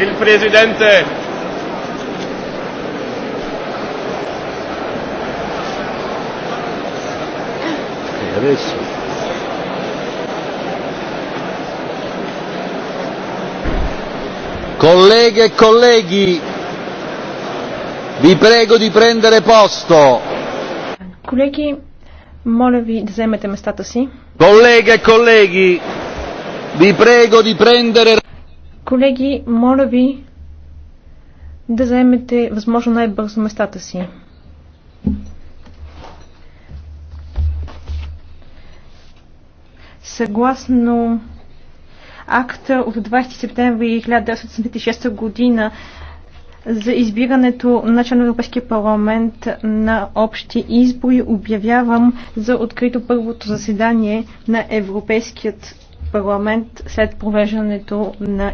Il Presidente. E adesso? Colleghe e colleghi, vi prego di prendere posto. Colleghi, моля ви да вземете местата си. Colleghe e colleghi, vi prego di prendere Колеги, моля ви да заемете възможно най-бързо местата си. Съгласно акта от 20 септември 1976 година за избирането на член Европейския парламент на общи избори обявявам за открито първото заседание на Европейският парламент след провеждането на